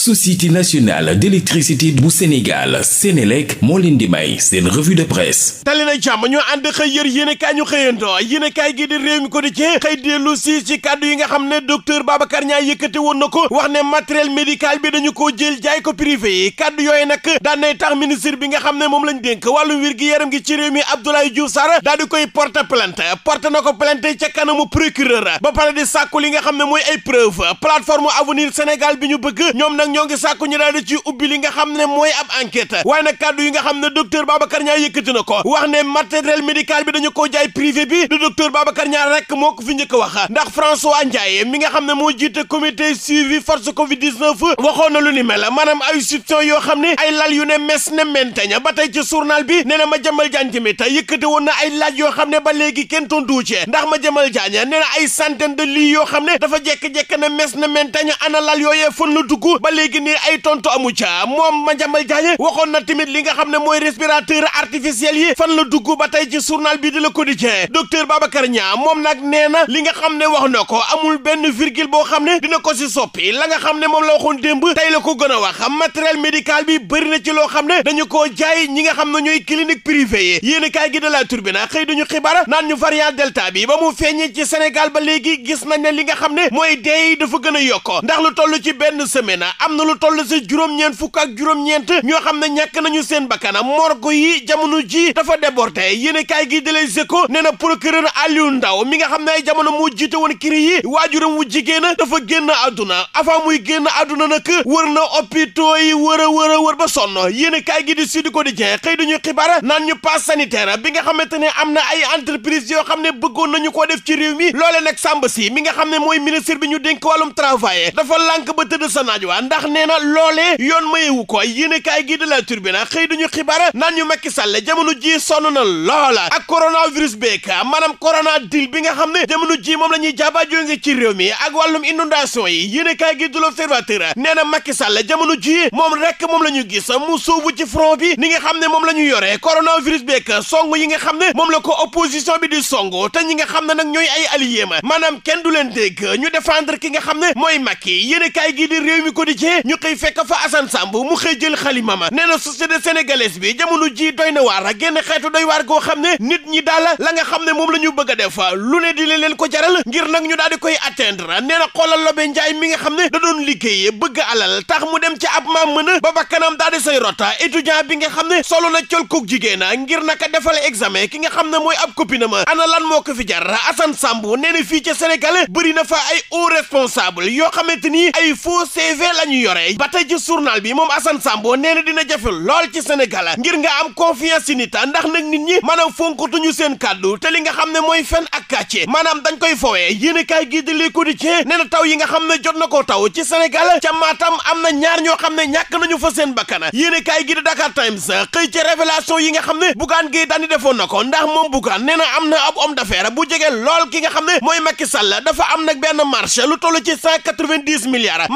société nationale d'électricité bu Sénégal Sénélec moo leen di may seen revue de presse tali na jàmm ñu ànd xëy yër yéen kaay ñu xëyantoo yéen kaay gi di réew mi ko di cee xëy dellu si ci kàddu yi nga xam ne docteur Babacar Niang yëkkate woon na ko wax ne matériel médical bi dañu koo jël jaay ko privé yi kàddu yooyu nag daan nay tax ministre bi nga xam ne moom lañ dénk wàllum wér gi yaram gi ci réew mi Abdoulaye Diouf Sarr daal koy porte plainte na ko plainte ca kanamu procureur ba pare di li nga xam ne mooy ay preuve plateforme avenir Sénégal bi ñu bëgg ñoom nag ñoo ngi sàkku ñu daal di ci ubbi li nga xam ne mooy ab enquête waaye na kàddu yi nga xam ne docteur Babacar Niang yëkkati na ko wax ne matériel médical bi dañu ko jaay privé bi du docteur Babacar Niang rek moo ko fi njëkk wax ndax François Ndiaye mi nga xam ne moo jiite comité suivi force Covid 19 waxoon na lu ni mel maanaam ay subventions yoo xam ne ay lal yu ne mes ne menteñ ba tey ci journal bi ne na ma jëmal jaan tamit yëkkati woon na ay laaj yoo xam ne ba léegi kenn tontu ci ndax ma jëmal jaan nee na ay centaine de lits yoo xam ne dafa jekk-jekk ne mes ne menteñ ana lal yooyee fon la dugg léegi nii ay tontu amu ca ma Madiambal Diagne waxoon na tamit li nga xam ne mooy respirateur artificiel yi fan la dugg ba tey ci journal bi di Le Quotidien docteur Babacar Niang moom nag nee na li nga xam ne wax na ko amul benn virgule boo xam ne dina ko si soppi la nga xam ne moom la waxoon démb tey la ko gën a wax matériel médical bi bëri na ci loo xam ne dañu koo jaay ñi nga xam ne ñooy clinique privée yi yéen kaay gi de la turbina xëy duñu xibaar naan ñu variant delta bi ba mu feeñee ci Sénégal ba léegi gis nañ ne li nga xam ne mooy dee yi dafa gën a yokk ndax lu toll ci benn semaine am na lu toll si juróom-ñeent fukk ak juróom-ñeent ñoo xam ne ñàkk nañu seen bakkan morgue yi jamono ji dafa débordé yéen kaay gii di Les Échos nee na procureur Aliou Ndao mi nga xam ne ay jamono moo jiite woon CREI yi waajuram wu jigéen dafa génn àdduna avant muy génn na nag wër na hôpitaux yi wër a wër a wër ba sonn yéen kaay gi di Sud Quotidien xëy duñu xibaar naan ñu pass sanitaire bi nga xamante ne am na ay entreprise yoo xam ne bëggoon nañu koo def ci réew mi loole nag Samba Sy mi nga xam ne mooy bi ñu dénk wàllum travail dafa lànk ba tëdd sa naaj ndax nee na loolee yoon mayewu ko yéenekaay gi de la Tribune xëy dañu xibaar naan ñu Macky Sall jamono ji sonn na loola ak coronavirus beek maanaam corona deal bi nga xam ne jamono ji moom la ñuy jaaba jonge ci réew mi ak wàllum inondation yi yéenekaay gi du l'Observateur nee na Macky Sall jamono ji moom rek moom la ñu gis mu sóobu ci front bi ni nga xam ne moom la ñu yore coronavirus beek song yi nga xam ne moom la ko opposition bi di song te ñi nga xam ne nag ñooy ay alliés maanaam kenn du leen dégg ñu défendre ki nga xam ne mooy Macky yéenekaay gi di réew mi ko di matin ñu xëy fekk fa Assane Samb mu xëy jël xalimama nee na société sénégalaise bi jamono ji doy na waar génn xeetu doy waar goo xam ne nit ñi daal la nga xam ne moom la ñu bëgg a def lu ne di leen ko jaral ngir nag ñu daal di koy atteindre nee na xoolal lobe njaay mi nga xam ne da doon liggéeye bëgg alal tax mu dem ci ab maam mën a ba kanam daal de say rota étudiant bi nga xam ne solo na col koog jigéen ngir naka defal examen ki nga xam ne mooy ab copinama ana lan moo ko fi jar Assane Samb nee na fii ca Sénégal bëri na fa ay hauts responsable yoo xamante ni ay faux CV lañu ñu yore ba tey ci journal bi moom Assane Sambo nee na dina jafe lool ci Sénégal ngir nga am confiance ci ndax nag nit ñi maanaam fonkatuñu seen kàddu te li nga xam ne mooy fen ak kàcce maanaam dañ koy fowee yéen kaay gii di Le Quotidien nee na taw yi nga xam ne jot na ko taw ci Sénégal ca Matam am na ñaar ñoo xam ne ñàkk nañu fa seen bakkan yéen kaay gii di Dakar Times xëy ci révélation yi nga xam ne Bougane Gueye Dany defoon na ko ndax moom Bougane nee na bu jege lool ki xam ne mooy Macky Sall dafa am nag benn marché lu toll ci cent quatre-vingt-dix milliards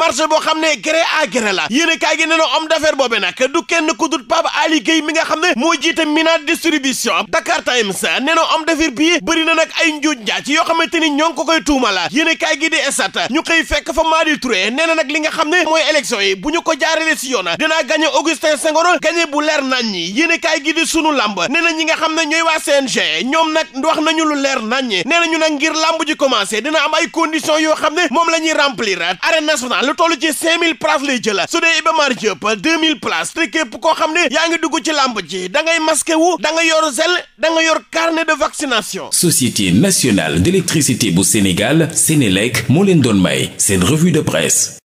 gré à gré la yéene kaay gi nee na homme d'affaires boobe nag du kenn ku dul Pape mi nga xam ne moo jiite Mina distribution Dakar Times nee na homme d'affaires bii bëri na nag ay njuuj njaaj yoo xamante ni ñoo ngi ko koy tuumala yéene kaay gi di esat ñu xëy fekk fa Madi Touré nee na nag li nga xam ne mooy élection yi bu ñu ko jaarale si yoon dinaa gagné Augustin Senghor gagné bu leer nañ ñi yéene kaay gi di sunu lamb nee na ñi nga xam ne ñooy waa CNG ñoom nag wax nañu lu leer nañ ñi nee nañu nag ngir lamb ji commencé dina am ay conditions yoo xam ne moom la ñuy remplir arène nationale lu toll mille places lay jël su dee Iba Mar Diop mille places koo xam ne yaa ngi dugg ci làmb ji dangay ngay masqué wu da nga yor zel da nga yor carnet de vaccination. Société nationale d'électricité bu Sénégal Sénélec moo leen doon may seen revue de presse.